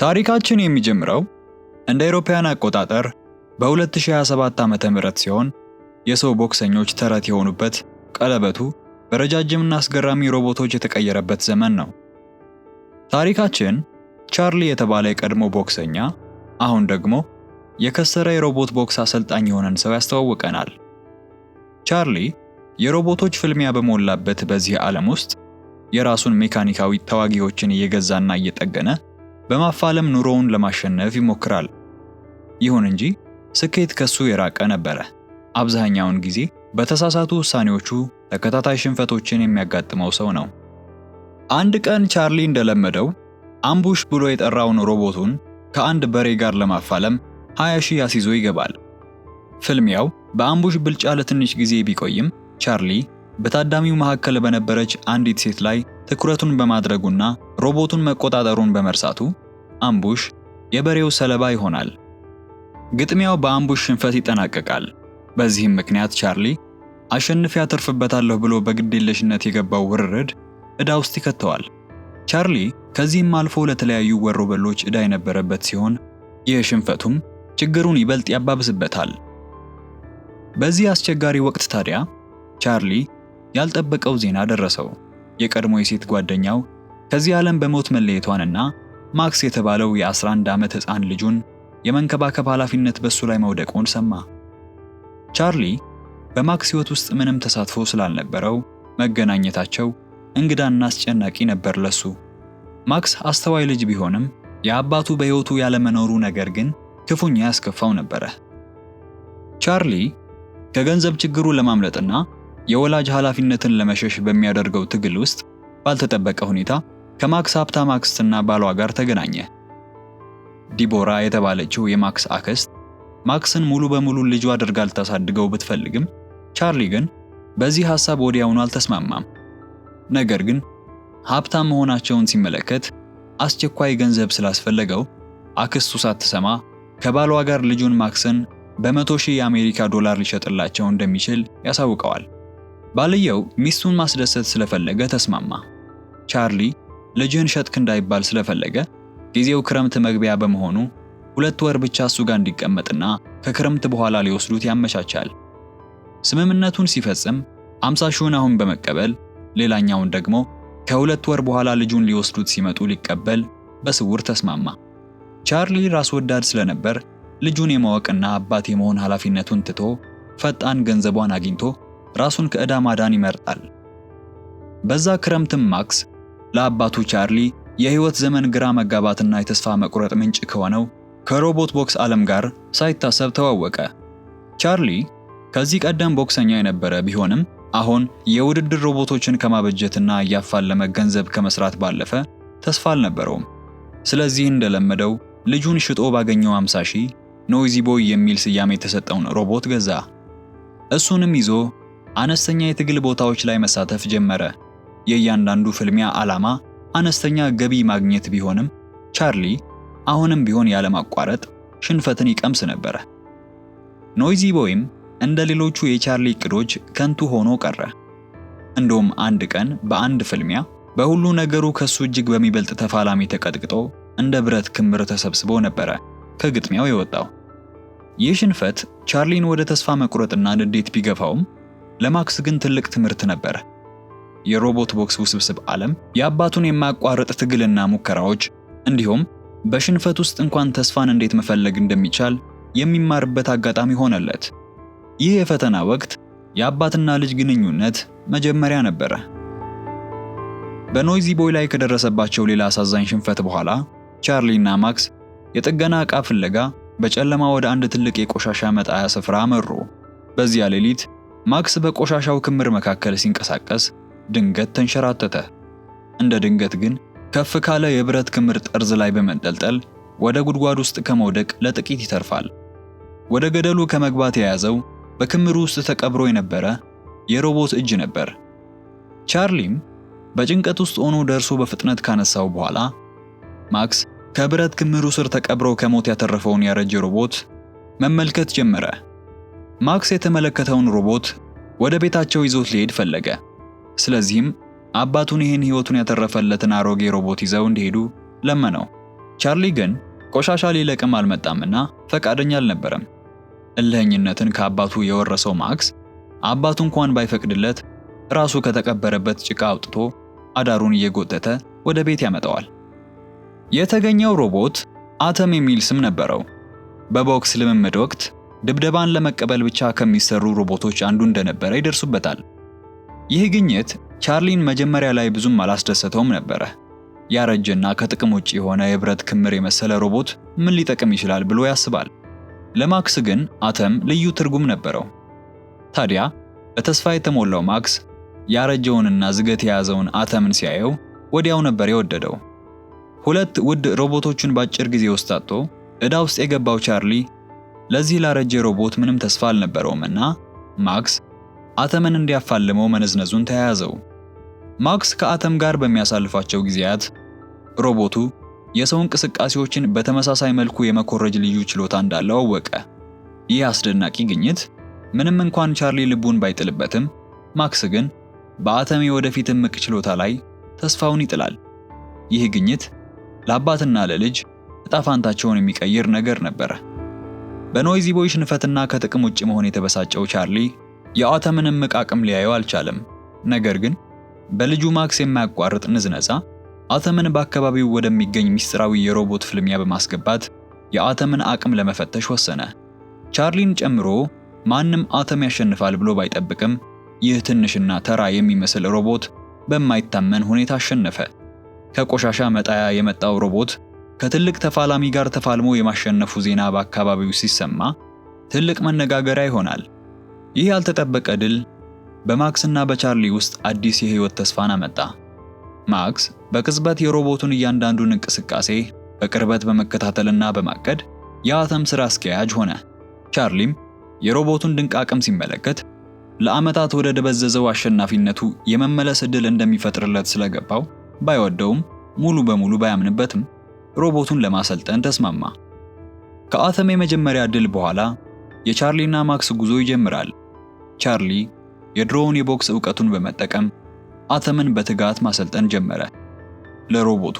ታሪካችን የሚጀምረው እንደ አውሮፓውያን አቆጣጠር በ2027 ዓ.ም ሲሆን የሰው ቦክሰኞች ተረት የሆኑበት ቀለበቱ በረጃጅምና አስገራሚ ሮቦቶች የተቀየረበት ዘመን ነው። ታሪካችን ቻርሊ የተባለ የቀድሞ ቦክሰኛ አሁን ደግሞ የከሰረ የሮቦት ቦክስ አሰልጣኝ የሆነን ሰው ያስተዋውቀናል። ቻርሊ የሮቦቶች ፍልሚያ በሞላበት በዚህ ዓለም ውስጥ የራሱን ሜካኒካዊ ተዋጊዎችን እየገዛና እየጠገነ በማፋለም ኑሮውን ለማሸነፍ ይሞክራል። ይሁን እንጂ ስኬት ከሱ የራቀ ነበረ። አብዛኛውን ጊዜ በተሳሳቱ ውሳኔዎቹ ተከታታይ ሽንፈቶችን የሚያጋጥመው ሰው ነው። አንድ ቀን ቻርሊ እንደለመደው አምቡሽ ብሎ የጠራውን ሮቦቱን ከአንድ በሬ ጋር ለማፋለም 20 ሺህ አስይዞ ይገባል። ፍልሚያው በአምቡሽ ብልጫ ለትንሽ ጊዜ ቢቆይም ቻርሊ በታዳሚው መካከል በነበረች አንዲት ሴት ላይ ትኩረቱን በማድረጉና ሮቦቱን መቆጣጠሩን በመርሳቱ አምቡሽ የበሬው ሰለባ ይሆናል። ግጥሚያው በአምቡሽ ሽንፈት ይጠናቀቃል። በዚህም ምክንያት ቻርሊ አሸንፌ ያተርፍበታለሁ ብሎ በግዴለሽነት የገባው ውርርድ ዕዳ ውስጥ ይከተዋል። ቻርሊ ከዚህም አልፎ ለተለያዩ ወሮበሎች ዕዳ የነበረበት ሲሆን ይህ ሽንፈቱም ችግሩን ይበልጥ ያባብስበታል። በዚህ አስቸጋሪ ወቅት ታዲያ ቻርሊ ያልጠበቀው ዜና ደረሰው። የቀድሞ የሴት ጓደኛው ከዚህ ዓለም በሞት መለየቷንና ማክስ የተባለው የ11 ዓመት ሕፃን ልጁን የመንከባከብ ኃላፊነት በሱ ላይ መውደቁን ሰማ። ቻርሊ በማክስ ሕይወት ውስጥ ምንም ተሳትፎ ስላልነበረው መገናኘታቸው እንግዳና አስጨናቂ ነበር ለሱ። ማክስ አስተዋይ ልጅ ቢሆንም የአባቱ በሕይወቱ ያለመኖሩ ነገር ግን ክፉኛ ያስከፋው ነበረ። ቻርሊ ከገንዘብ ችግሩ ለማምለጥና የወላጅ ኃላፊነትን ለመሸሽ በሚያደርገው ትግል ውስጥ ባልተጠበቀ ሁኔታ ከማክስ ሀብታም አክስትና ባሏ ጋር ተገናኘ። ዲቦራ የተባለችው የማክስ አክስት ማክስን ሙሉ በሙሉ ልጁ አድርጋ ልታሳድገው ብትፈልግም ቻርሊ ግን በዚህ ሐሳብ ወዲያውኑ አልተስማማም። ነገር ግን ሀብታም መሆናቸውን ሲመለከት አስቸኳይ ገንዘብ ስላስፈለገው አክስቱ ሳትሰማ ከባሏ ጋር ልጁን ማክስን በመቶ ሺህ የአሜሪካ ዶላር ሊሸጥላቸው እንደሚችል ያሳውቀዋል። ባልየው ሚስቱን ማስደሰት ስለፈለገ ተስማማ። ቻርሊ ልጅህን ሸጥክ እንዳይባል ስለፈለገ ጊዜው ክረምት መግቢያ በመሆኑ ሁለት ወር ብቻ እሱ ጋር እንዲቀመጥና ከክረምት በኋላ ሊወስዱት ያመቻቻል። ስምምነቱን ሲፈጽም አምሳ ሺውን አሁን በመቀበል ሌላኛውን ደግሞ ከሁለት ወር በኋላ ልጁን ሊወስዱት ሲመጡ ሊቀበል በስውር ተስማማ። ቻርሊ ራስ ወዳድ ስለነበር ልጁን የማወቅና አባት የመሆን ኃላፊነቱን ትቶ ፈጣን ገንዘቧን አግኝቶ ራሱን ከዕዳ ማዳን ይመርጣል። በዛ ክረምትም ማክስ ለአባቱ ቻርሊ የህይወት ዘመን ግራ መጋባትና የተስፋ መቁረጥ ምንጭ ከሆነው ከሮቦት ቦክስ ዓለም ጋር ሳይታሰብ ተዋወቀ። ቻርሊ ከዚህ ቀደም ቦክሰኛ የነበረ ቢሆንም አሁን የውድድር ሮቦቶችን ከማበጀትና እያፋለመ ገንዘብ ከመስራት ባለፈ ተስፋ አልነበረውም። ስለዚህ እንደለመደው ልጁን ሽጦ ባገኘው 50 ሺህ ኖይዚ ቦይ የሚል ስያሜ የተሰጠውን ሮቦት ገዛ። እሱንም ይዞ አነስተኛ የትግል ቦታዎች ላይ መሳተፍ ጀመረ። የእያንዳንዱ ፍልሚያ ዓላማ አነስተኛ ገቢ ማግኘት ቢሆንም ቻርሊ አሁንም ቢሆን ያለማቋረጥ ሽንፈትን ይቀምስ ነበረ። ኖይዚ ቦይም እንደ ሌሎቹ የቻርሊ እቅዶች ከንቱ ሆኖ ቀረ። እንደውም አንድ ቀን በአንድ ፍልሚያ በሁሉ ነገሩ ከሱ እጅግ በሚበልጥ ተፋላሚ ተቀጥቅጦ እንደ ብረት ክምር ተሰብስቦ ነበረ ከግጥሚያው የወጣው። ይህ ሽንፈት ቻርሊን ወደ ተስፋ መቁረጥና ንዴት ቢገፋውም ለማክስ ግን ትልቅ ትምህርት ነበር። የሮቦት ቦክስ ውስብስብ ዓለም የአባቱን የማያቋርጥ ትግልና ሙከራዎች እንዲሁም በሽንፈት ውስጥ እንኳን ተስፋን እንዴት መፈለግ እንደሚቻል የሚማርበት አጋጣሚ ሆነለት። ይህ የፈተና ወቅት የአባትና ልጅ ግንኙነት መጀመሪያ ነበረ። በኖይዚ ቦይ ላይ ከደረሰባቸው ሌላ አሳዛኝ ሽንፈት በኋላ ቻርሊ እና ማክስ የጥገና ዕቃ ፍለጋ በጨለማ ወደ አንድ ትልቅ የቆሻሻ መጣያ ስፍራ አመሩ። በዚያ ሌሊት ማክስ በቆሻሻው ክምር መካከል ሲንቀሳቀስ ድንገት ተንሸራተተ። እንደ ድንገት ግን ከፍ ካለ የብረት ክምር ጠርዝ ላይ በመንጠልጠል ወደ ጉድጓድ ውስጥ ከመውደቅ ለጥቂት ይተርፋል። ወደ ገደሉ ከመግባት የያዘው በክምሩ ውስጥ ተቀብሮ የነበረ የሮቦት እጅ ነበር። ቻርሊም በጭንቀት ውስጥ ሆኖ ደርሶ በፍጥነት ካነሳው በኋላ ማክስ ከብረት ክምሩ ስር ተቀብሮ ከሞት ያተረፈውን ያረጀ ሮቦት መመልከት ጀመረ። ማክስ የተመለከተውን ሮቦት ወደ ቤታቸው ይዞት ሊሄድ ፈለገ። ስለዚህም አባቱን ይህን ሕይወቱን ያተረፈለትን አሮጌ ሮቦት ይዘው እንዲሄዱ ለመነው። ቻርሊ ግን ቆሻሻ ሊለቅም አልመጣምና ፈቃደኛ አልነበረም። እልህኝነትን ከአባቱ የወረሰው ማክስ አባቱ እንኳን ባይፈቅድለት ራሱ ከተቀበረበት ጭቃ አውጥቶ አዳሩን እየጎተተ ወደ ቤት ያመጣዋል። የተገኘው ሮቦት አተም የሚል ስም ነበረው። በቦክስ ልምምድ ወቅት ድብደባን ለመቀበል ብቻ ከሚሰሩ ሮቦቶች አንዱ እንደነበረ ይደርሱበታል። ይህ ግኝት ቻርሊን መጀመሪያ ላይ ብዙም አላስደሰተውም ነበረ። ያረጀና ከጥቅም ውጭ የሆነ የብረት ክምር የመሰለ ሮቦት ምን ሊጠቅም ይችላል ብሎ ያስባል። ለማክስ ግን አተም ልዩ ትርጉም ነበረው። ታዲያ በተስፋ የተሞላው ማክስ ያረጀውንና ዝገት የያዘውን አተምን ሲያየው ወዲያው ነበር የወደደው። ሁለት ውድ ሮቦቶቹን በአጭር ጊዜ ውስጥ አጥቶ ዕዳ ውስጥ የገባው ቻርሊ ለዚህ ላረጀ ሮቦት ምንም ተስፋ እና ማክስ አተምን እንዲያፋልመው መነዝነዙን ተያያዘው። ማክስ ከአተም ጋር በሚያሳልፋቸው ጊዜያት ሮቦቱ የሰው እንቅስቃሴዎችን በተመሳሳይ መልኩ የመኮረጅ ልዩ ችሎታ እንዳለው አወቀ። ይህ አስደናቂ ግኝት ምንም እንኳን ቻርሊ ልቡን ባይጥልበትም፣ ማክስ ግን በአተም የወደፊት እምቅ ችሎታ ላይ ተስፋውን ይጥላል። ይህ ግኝት ለአባትና ለልጅ እጣ ፋንታቸውን የሚቀይር ነገር ነበር። በኖይዚ ቦይ ሽንፈትና ከጥቅም ውጭ መሆን የተበሳጨው ቻርሊ የአተምንም አቅም ሊያየው አልቻለም። ነገር ግን በልጁ ማክስ የማያቋርጥ ንዝነዛ አተምን በአካባቢው ወደሚገኝ ምስጢራዊ የሮቦት ፍልሚያ በማስገባት የአተምን አቅም ለመፈተሽ ወሰነ። ቻርሊን ጨምሮ ማንም አተም ያሸንፋል ብሎ ባይጠብቅም ይህ ትንሽና ተራ የሚመስል ሮቦት በማይታመን ሁኔታ አሸነፈ። ከቆሻሻ መጣያ የመጣው ሮቦት ከትልቅ ተፋላሚ ጋር ተፋልሞ የማሸነፉ ዜና በአካባቢው ሲሰማ ትልቅ መነጋገሪያ ይሆናል። ይህ ያልተጠበቀ ድል በማክስና በቻርሊ ውስጥ አዲስ የህይወት ተስፋን አመጣ። ማክስ በቅጽበት የሮቦቱን እያንዳንዱን እንቅስቃሴ በቅርበት በመከታተልና በማቀድ የአተም ስራ አስኪያጅ ሆነ። ቻርሊም የሮቦቱን ድንቅ አቅም ሲመለከት ለዓመታት ወደ ደበዘዘው አሸናፊነቱ የመመለስ ዕድል እንደሚፈጥርለት ስለገባው ባይወደውም ሙሉ በሙሉ ባያምንበትም ሮቦቱን ለማሰልጠን ተስማማ። ከአተም የመጀመሪያ ድል በኋላ የቻርሊና ማክስ ጉዞ ይጀምራል። ቻርሊ የድሮውን የቦክስ እውቀቱን በመጠቀም አተምን በትጋት ማሰልጠን ጀመረ። ለሮቦቱ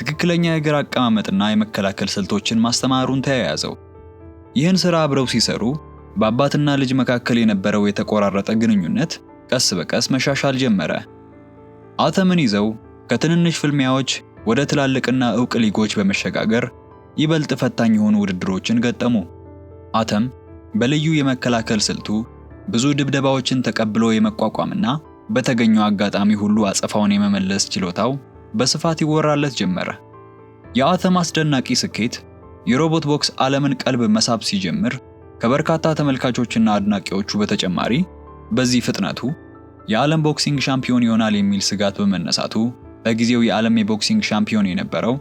ትክክለኛ የእግር አቀማመጥና የመከላከል ስልቶችን ማስተማሩን ተያያዘው። ይህን ሥራ አብረው ሲሰሩ በአባትና ልጅ መካከል የነበረው የተቆራረጠ ግንኙነት ቀስ በቀስ መሻሻል ጀመረ። አተምን ይዘው ከትንንሽ ፍልሚያዎች ወደ ትላልቅና ዕውቅ ሊጎች በመሸጋገር ይበልጥ ፈታኝ የሆኑ ውድድሮችን ገጠሙ። አተም በልዩ የመከላከል ስልቱ ብዙ ድብደባዎችን ተቀብሎ የመቋቋምና በተገኘው አጋጣሚ ሁሉ አጸፋውን የመመለስ ችሎታው በስፋት ይወራለት ጀመረ። የአተም አስደናቂ ስኬት የሮቦት ቦክስ ዓለምን ቀልብ መሳብ ሲጀምር ከበርካታ ተመልካቾችና አድናቂዎቹ በተጨማሪ በዚህ ፍጥነቱ የዓለም ቦክሲንግ ሻምፒዮን ይሆናል የሚል ስጋት በመነሳቱ በጊዜው የዓለም የቦክሲንግ ሻምፒዮን የነበረው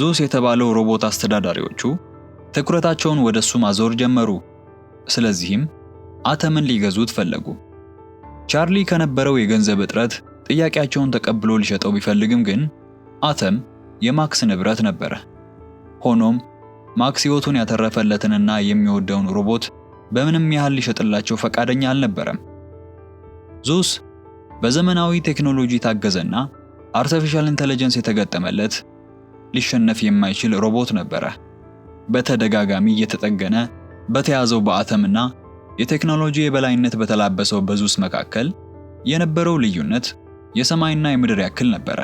ዙስ የተባለው ሮቦት አስተዳዳሪዎቹ ትኩረታቸውን ወደሱ ማዞር ጀመሩ። ስለዚህም አተምን ሊገዙት ፈለጉ። ቻርሊ ከነበረው የገንዘብ እጥረት ጥያቄያቸውን ተቀብሎ ሊሸጠው ቢፈልግም ግን አተም የማክስ ንብረት ነበረ። ሆኖም ማክስ ሕይወቱን ያተረፈለትንና የሚወደውን ሮቦት በምንም ያህል ሊሸጥላቸው ፈቃደኛ አልነበረም። ዙስ በዘመናዊ ቴክኖሎጂ ታገዘና አርቲፊሻል ኢንተለጀንስ የተገጠመለት ሊሸነፍ የማይችል ሮቦት ነበረ። በተደጋጋሚ እየተጠገነ በተያዘው በአተምና የቴክኖሎጂ የበላይነት በተላበሰው በዙስ መካከል የነበረው ልዩነት የሰማይና የምድር ያክል ነበረ።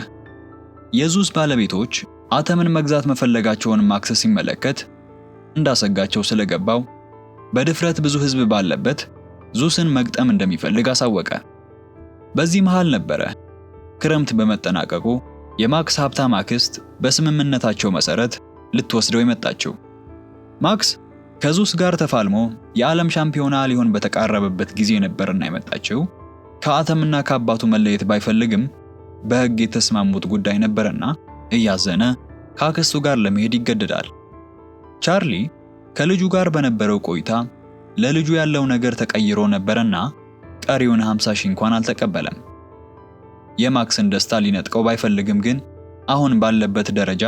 የዙስ ባለቤቶች አተምን መግዛት መፈለጋቸውን ማክስ ሲመለከት እንዳሰጋቸው ስለገባው በድፍረት ብዙ ሕዝብ ባለበት ዙስን መግጠም እንደሚፈልግ አሳወቀ። በዚህ መሃል ነበረ ክረምት በመጠናቀቁ የማክስ ሀብታም አክስት በስምምነታቸው መሰረት ልትወስደው የመጣችው። ማክስ ከዙስ ጋር ተፋልሞ የዓለም ሻምፒዮና ሊሆን በተቃረበበት ጊዜ ነበርና የመጣቸው። ከአተምና ከአባቱ መለየት ባይፈልግም በሕግ የተስማሙት ጉዳይ ነበርና እያዘነ ከአክስቱ ጋር ለመሄድ ይገደዳል። ቻርሊ ከልጁ ጋር በነበረው ቆይታ ለልጁ ያለው ነገር ተቀይሮ ነበርና ቀሪውን 50 ሺህ እንኳን አልተቀበለም። የማክስን ደስታ ሊነጥቀው ባይፈልግም ግን አሁን ባለበት ደረጃ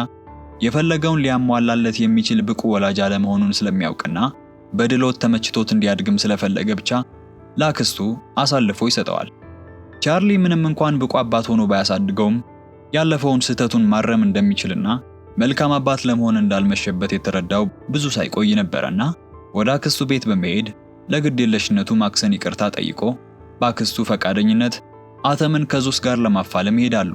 የፈለገውን ሊያሟላለት የሚችል ብቁ ወላጅ አለመሆኑን ስለሚያውቅና በድሎት ተመችቶት እንዲያድግም ስለፈለገ ብቻ ላክስቱ አሳልፎ ይሰጠዋል። ቻርሊ ምንም እንኳን ብቁ አባት ሆኖ ባያሳድገውም ያለፈውን ስህተቱን ማረም እንደሚችልና መልካም አባት ለመሆን እንዳልመሸበት የተረዳው ብዙ ሳይቆይ ነበረና ወደ አክስቱ ቤት በመሄድ ለግዴለሽነቱ ማክሰን ይቅርታ ጠይቆ በአክስቱ ፈቃደኝነት አተምን ከዙስ ጋር ለማፋለም ይሄዳሉ።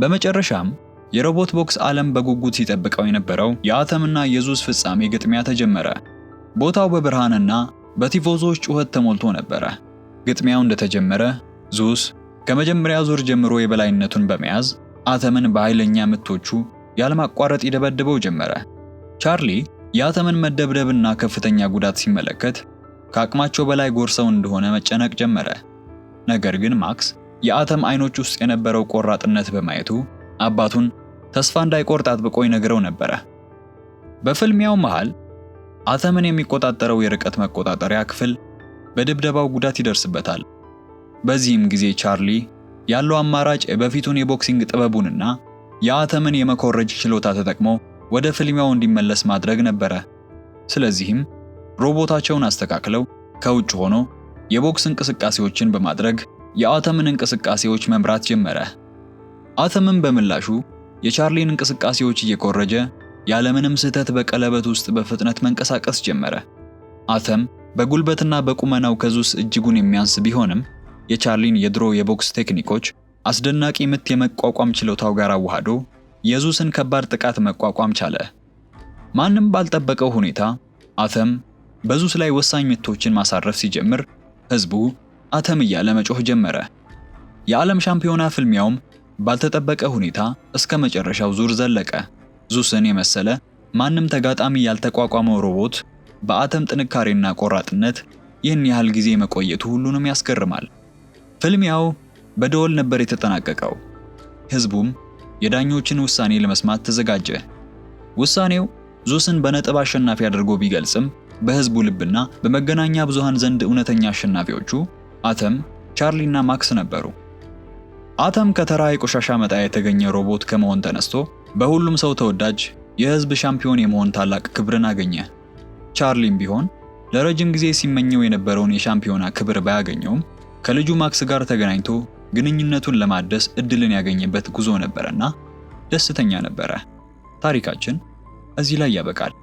በመጨረሻም የሮቦት ቦክስ ዓለም በጉጉት ሲጠብቀው የነበረው የአተምና የዙስ ፍጻሜ ግጥሚያ ተጀመረ። ቦታው በብርሃንና በቲፎዞች ጩኸት ተሞልቶ ነበረ። ግጥሚያው እንደተጀመረ ዙስ ከመጀመሪያ ዙር ጀምሮ የበላይነቱን በመያዝ አተምን በኃይለኛ ምቶቹ ያለማቋረጥ ይደበድበው ጀመረ። ቻርሊ የአተምን መደብደብና ከፍተኛ ጉዳት ሲመለከት ከአቅማቸው በላይ ጎርሰው እንደሆነ መጨነቅ ጀመረ። ነገር ግን ማክስ የአተም አይኖች ውስጥ የነበረው ቆራጥነት በማየቱ አባቱን ተስፋ እንዳይቆርጥ አጥብቆ ይነግረው ነበረ። በፍልሚያው መሃል አተምን የሚቆጣጠረው የርቀት መቆጣጠሪያ ክፍል በድብደባው ጉዳት ይደርስበታል። በዚህም ጊዜ ቻርሊ ያለው አማራጭ በፊቱን የቦክሲንግ ጥበቡንና የአተምን የመኮረጅ ችሎታ ተጠቅሞ ወደ ፍልሚያው እንዲመለስ ማድረግ ነበረ። ስለዚህም ሮቦታቸውን አስተካክለው ከውጭ ሆኖ የቦክስ እንቅስቃሴዎችን በማድረግ የአተምን እንቅስቃሴዎች መምራት ጀመረ። አተምን በምላሹ የቻርሊን እንቅስቃሴዎች እየኮረጀ ያለምንም ስህተት በቀለበት ውስጥ በፍጥነት መንቀሳቀስ ጀመረ። አተም በጉልበትና በቁመናው ከዙስ እጅጉን የሚያንስ ቢሆንም የቻርሊን የድሮ የቦክስ ቴክኒኮች አስደናቂ ምት የመቋቋም ችሎታው ጋር አዋህዶ የዙስን ከባድ ጥቃት መቋቋም ቻለ። ማንም ባልጠበቀው ሁኔታ አተም በዙስ ላይ ወሳኝ ምቶችን ማሳረፍ ሲጀምር ህዝቡ አተም እያለ መጮህ ጀመረ። የዓለም ሻምፒዮና ፍልሚያውም ባልተጠበቀ ሁኔታ እስከ መጨረሻው ዙር ዘለቀ። ዙስን የመሰለ ማንም ተጋጣሚ ያልተቋቋመው ሮቦት በአተም ጥንካሬና ቆራጥነት ይህን ያህል ጊዜ መቆየቱ ሁሉንም ያስገርማል። ፍልሚያው በደወል ነበር የተጠናቀቀው። ህዝቡም የዳኞችን ውሳኔ ለመስማት ተዘጋጀ። ውሳኔው ዙስን በነጥብ አሸናፊ አድርጎ ቢገልጽም በህዝቡ ልብና በመገናኛ ብዙሃን ዘንድ እውነተኛ አሸናፊዎቹ አተም፣ ቻርሊና ማክስ ነበሩ። አተም ከተራ የቆሻሻ መጣያ የተገኘ ሮቦት ከመሆን ተነስቶ በሁሉም ሰው ተወዳጅ የህዝብ ሻምፒዮን የመሆን ታላቅ ክብርን አገኘ። ቻርሊም ቢሆን ለረጅም ጊዜ ሲመኘው የነበረውን የሻምፒዮና ክብር ባያገኘውም ከልጁ ማክስ ጋር ተገናኝቶ ግንኙነቱን ለማደስ እድልን ያገኘበት ጉዞ ነበረና ደስተኛ ነበረ። ታሪካችን እዚህ ላይ ያበቃል።